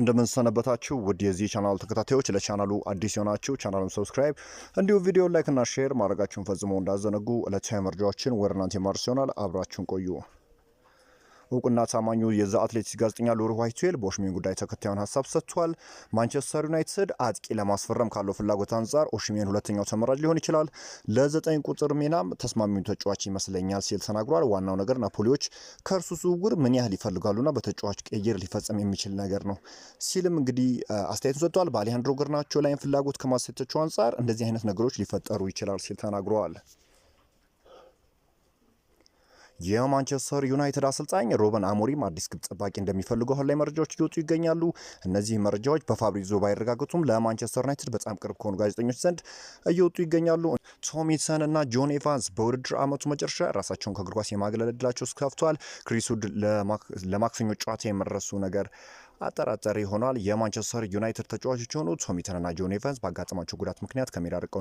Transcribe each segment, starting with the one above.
እንደምንሰነበታችሁ ውድ የዚህ ቻናል ተከታታዮች፣ ለቻናሉ አዲስ የሆናችሁ ቻናሉን ሰብስክራይብ እንዲሁም ቪዲዮ ላይክና ሼር ማድረጋችሁን ፈጽሞ እንዳዘነጉ ዕለታዊ መረጃዎችን ወደ እናንተ ይሆናል። አብራችሁን ቆዩ። እውቅና ታማኙ የዛ አትሌቲክስ ጋዜጠኛ ሎር ዋይትዌል በኦሽሚን ጉዳይ ተከታዩን ሀሳብ ሰጥቷል። ማንቸስተር ዩናይትድ አጥቂ ለማስፈረም ካለው ፍላጎት አንጻር ኦሽሚን ሁለተኛው ተመራጭ ሊሆን ይችላል። ለዘጠኝ ቁጥር ሚናም ተስማሚው ተጫዋች ይመስለኛል ሲል ተናግሯል። ዋናው ነገር ናፖሊዎች ከእርሱ ዝውውር ምን ያህል ይፈልጋሉና በተጫዋች ቅይር ሊፈጸም የሚችል ነገር ነው ሲልም እንግዲህ አስተያየቱን ሰጥቷል። በአሌሃንድሮ ገርናቾ ላይም ፍላጎት ከማሳየታቸው አንጻር እንደዚህ አይነት ነገሮች ሊፈጠሩ ይችላል ሲል ተናግረዋል። የማንቸስተር ዩናይትድ አሰልጣኝ ሮበን አሞሪም አዲስ ግብ ጠባቂ እንደሚፈልጉ አሁን ላይ መረጃዎች እየወጡ ይገኛሉ። እነዚህ መረጃዎች በፋብሪዞ ባይረጋገጡም ለማንቸስተር ዩናይትድ በጣም ቅርብ ከሆኑ ጋዜጠኞች ዘንድ እየወጡ ይገኛሉ። ቶሚሰን እና ጆን ኤቫንስ በውድድር ዓመቱ መጨረሻ ራሳቸውን ከእግር ኳስ የማግለል ዕድላቸው ከፍቷል። ክሪስ ውድ ለማክሰኞ ጨዋታ የመረሱ ነገር አጠራጣሪ ሆኗል። የማንቸስተር ዩናይትድ ተጫዋቾች የሆኑት ሶሚተንና ጆን ኤቨንስ ባጋጠማቸው ጉዳት ምክንያት ከሜዳ ርቀው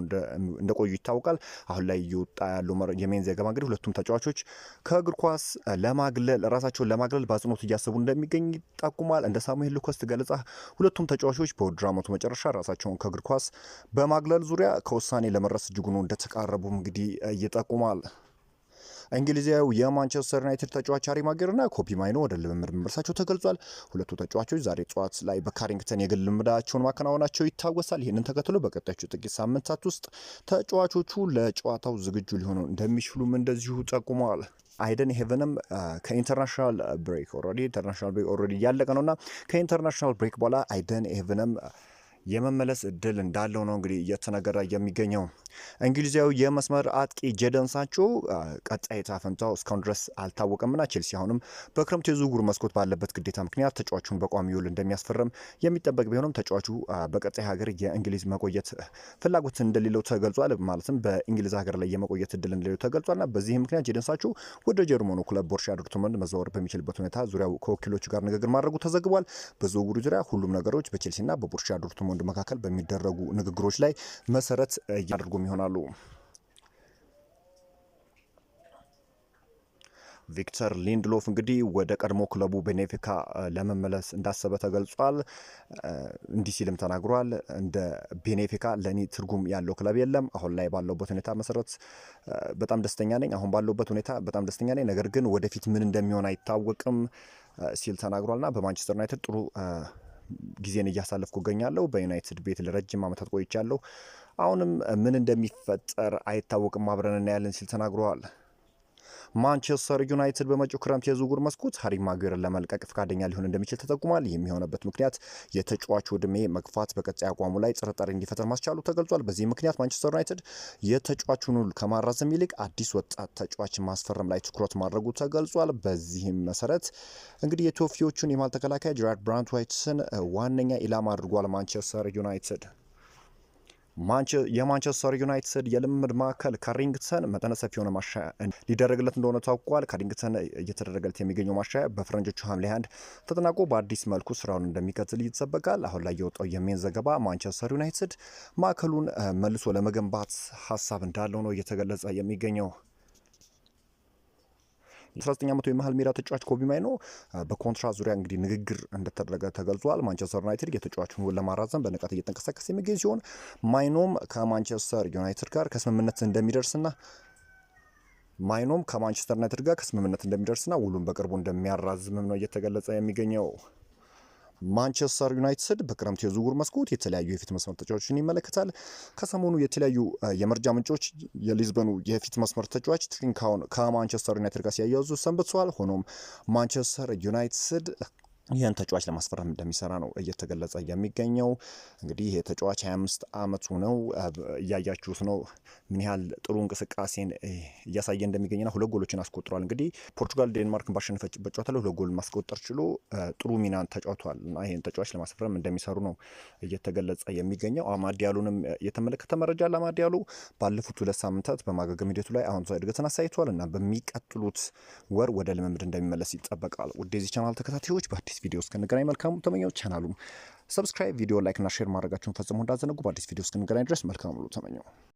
እንደቆዩ ይታወቃል። አሁን ላይ እየወጣ ያሉ የሜን ዘገባ እንግዲህ ሁለቱም ተጫዋቾች ከእግር ኳስ ለማግለል ራሳቸውን ለማግለል በአጽንኦት እያሰቡ እንደሚገኝ ይጠቁማል። እንደ ሳሙኤል ልኮስት ገለጻ ሁለቱም ተጫዋቾች በውድድር አመቱ መጨረሻ ራሳቸውን ከእግር ኳስ በማግለል ዙሪያ ከውሳኔ ለመድረስ እጅጉኑ እንደተቃረቡም እንግዲህ ይጠቁማል። እንግሊዛዊው የማንቸስተር ዩናይትድ ተጫዋች ሃሪ ማጌርና ኮቢ ማይኖ ወደ ልምምድ መመለሳቸው ተገልጿል። ሁለቱ ተጫዋቾች ዛሬ ጠዋት ላይ በካሪንግተን የግል ልምዳቸውን ማከናወናቸው ይታወሳል። ይህንን ተከትሎ በቀጣዮቹ ጥቂት ሳምንታት ውስጥ ተጫዋቾቹ ለጨዋታው ዝግጁ ሊሆኑ እንደሚችሉም እንደዚሁ ጠቁመዋል። አይደን ሄቨንም ከኢንተርናሽናል ብሬክ ኦልሬዲ ኢንተርናሽናል ብሬክ ኦልሬዲ እያለቀ ነው ነውና ከኢንተርናሽናል ብሬክ በኋላ አይደን ሄቨንም የመመለስ እድል እንዳለው ነው እንግዲህ እየተነገረ የሚገኘው። እንግሊዛዊ የመስመር አጥቂ ጄደን ሳንቾ ቀጣይ ዕጣ ፈንታው እስካሁን ድረስ አልታወቀምና ቼልሲ አሁንም በክረምቱ የዝውውር መስኮት ባለበት ግዴታ ምክንያት ተጫዋቹን በቋሚ ውል እንደሚያስፈርም የሚጠበቅ ቢሆንም ተጫዋቹ በቀጣይ ሀገር የእንግሊዝ መቆየት ፍላጎት እንደሌለው ተገልጿል። ማለትም በእንግሊዝ ሀገር ላይ የመቆየት እድል እንደሌለው ተገልጿልና በዚህ ምክንያት ጄደን ሳንቾ ወደ ጀርመኑ ክለብ ቦርሻ ዶርትሙንድ መዘወር በሚችልበት ሁኔታ ዙሪያው ከወኪሎቹ ጋር ንግግር ማድረጉ ተዘግቧል። በዝውውሩ ዙሪያ ሁሉም ነገሮች በቼልሲና በቦርሻ ዶርትሙንድ በፖላንድ መካከል በሚደረጉ ንግግሮች ላይ መሰረት እያደርጉም ይሆናሉ። ቪክተር ሊንድሎፍ እንግዲህ ወደ ቀድሞ ክለቡ ቤኔፊካ ለመመለስ እንዳሰበ ተገልጿል። እንዲህ ሲልም ተናግሯል። እንደ ቤኔፊካ ለእኔ ትርጉም ያለው ክለብ የለም። አሁን ላይ ባለውበት ሁኔታ መሰረት በጣም ደስተኛ ነኝ። አሁን ባለውበት ሁኔታ በጣም ደስተኛ ነኝ፣ ነገር ግን ወደፊት ምን እንደሚሆን አይታወቅም ሲል ተናግሯልና በማንቸስተር ዩናይትድ ጥሩ ጊዜን እያሳለፍኩ እገኛለሁ። በዩናይትድ ቤት ለረጅም ዓመታት ቆይቻለሁ። አሁንም ምን እንደሚፈጠር አይታወቅም፣ አብረን እናያለን ሲል ተናግረዋል። ማንቸስተር ዩናይትድ በመጪው ክረምት የዝውውር መስኮት ሀሪ ማጓየርን ለመልቀቅ ፈቃደኛ ሊሆን እንደሚችል ተጠቁሟል። የሆነበት ምክንያት የተጫዋቹ ዕድሜ መግፋት በቀጣይ አቋሙ ላይ ጥርጣሬ እንዲፈጠር ማስቻሉ ተገልጿል። በዚህ ምክንያት ማንቸስተር ዩናይትድ የተጫዋቹን ውል ከማራዘም ይልቅ አዲስ ወጣት ተጫዋች ማስፈረም ላይ ትኩረት ማድረጉ ተገልጿል። በዚህም መሰረት እንግዲህ የቶፊዎቹን የማል ተከላካይ ጀራርድ ብራንት ዋይትስን ዋነኛ ኢላማ አድርጓል ማንቸስተር ዩናይትድ። የማንቸስተር ዩናይትድ የልምድ ማዕከል ካሪንግተን መጠነ ሰፊ የሆነ ማሻያ ሊደረግለት እንደሆነ ታውቋል። ካሪንግተን እየተደረገለት የሚገኘው ማሻያ በፈረንጆቹ ሐምሌ አንድ ተጠናቆ በአዲስ መልኩ ስራውን እንደሚቀጥል ይጠበቃል። አሁን ላይ የወጣው የሜን ዘገባ ማንቸስተር ዩናይትድ ማዕከሉን መልሶ ለመገንባት ሀሳብ እንዳለው ነው እየተገለጸ የሚገኘው። የ19 ዓመቱ የመሀል ሜዳ ተጫዋች ኮቢ ማይኖ በኮንትራ ዙሪያ እንግዲህ ንግግር እንደተደረገ ተገልጿል። ማንቸስተር ዩናይትድ የተጫዋቹን ውል ለማራዘም በንቃት እየተንቀሳቀሰ የሚገኝ ሲሆን ማይኖም ከማንቸስተር ዩናይትድ ጋር ከስምምነት እንደሚደርስና ማይኖም ከማንቸስተር ዩናይትድ ጋር ከስምምነት እንደሚደርስና ውሉን በቅርቡ እንደሚያራዝምም ነው እየተገለጸ የሚገኘው። ማንቸስተር ዩናይትድ በክረምት የዝውውር መስኮት የተለያዩ የፊት መስመር ተጫዋቾችን ይመለከታል። ከሰሞኑ የተለያዩ የመርጃ ምንጮች የሊዝበኑ የፊት መስመር ተጫዋች ትሪንካውን ከማንቸስተር ዩናይትድ ጋር ሲያያዙ ሰንብተዋል። ሆኖም ማንቸስተር ዩናይትድ ይህን ተጫዋች ለማስፈረም እንደሚሰራ ነው እየተገለጸ የሚገኘው። እንግዲህ ይሄ ተጫዋች 25 ዓመቱ ነው። እያያችሁት ነው ምን ያህል ጥሩ እንቅስቃሴን እያሳየ እንደሚገኝና ሁለት ጎሎችን አስቆጥሯል። እንግዲህ ፖርቹጋል ዴንማርክን ባሸነፈችበት ጨዋታ ላይ ሁለት ጎል ማስቆጠር ችሎ ጥሩ ሚናን ተጫውቷል እና ይህን ተጫዋች ለማስፈረም እንደሚሰሩ ነው እየተገለጸ የሚገኘው። አማዲያሉንም የተመለከተ መረጃ ለአማዲያሉ ባለፉት ሁለት ሳምንታት በማገገም ሂደቱ ላይ አዎንታዊ እድገትን አሳይቷል እና በሚቀጥሉት ወር ወደ ልምምድ እንደሚመለስ ይጠበቃል። ውድ የዚህ ቻናል ተከታታዮች በአዲስ በአዲስ ቪዲዮ እስክንገናኝ መልካሙ ተመኘው። ቻናሉም ሰብስክራይብ፣ ቪዲዮ ላይክ እና ሼር ማድረጋችሁን ፈጽሞ እንዳዘነጉ። በአዲስ ቪዲዮ እስክንገናኝ ድረስ መልካም ሙሉ ተመኘው።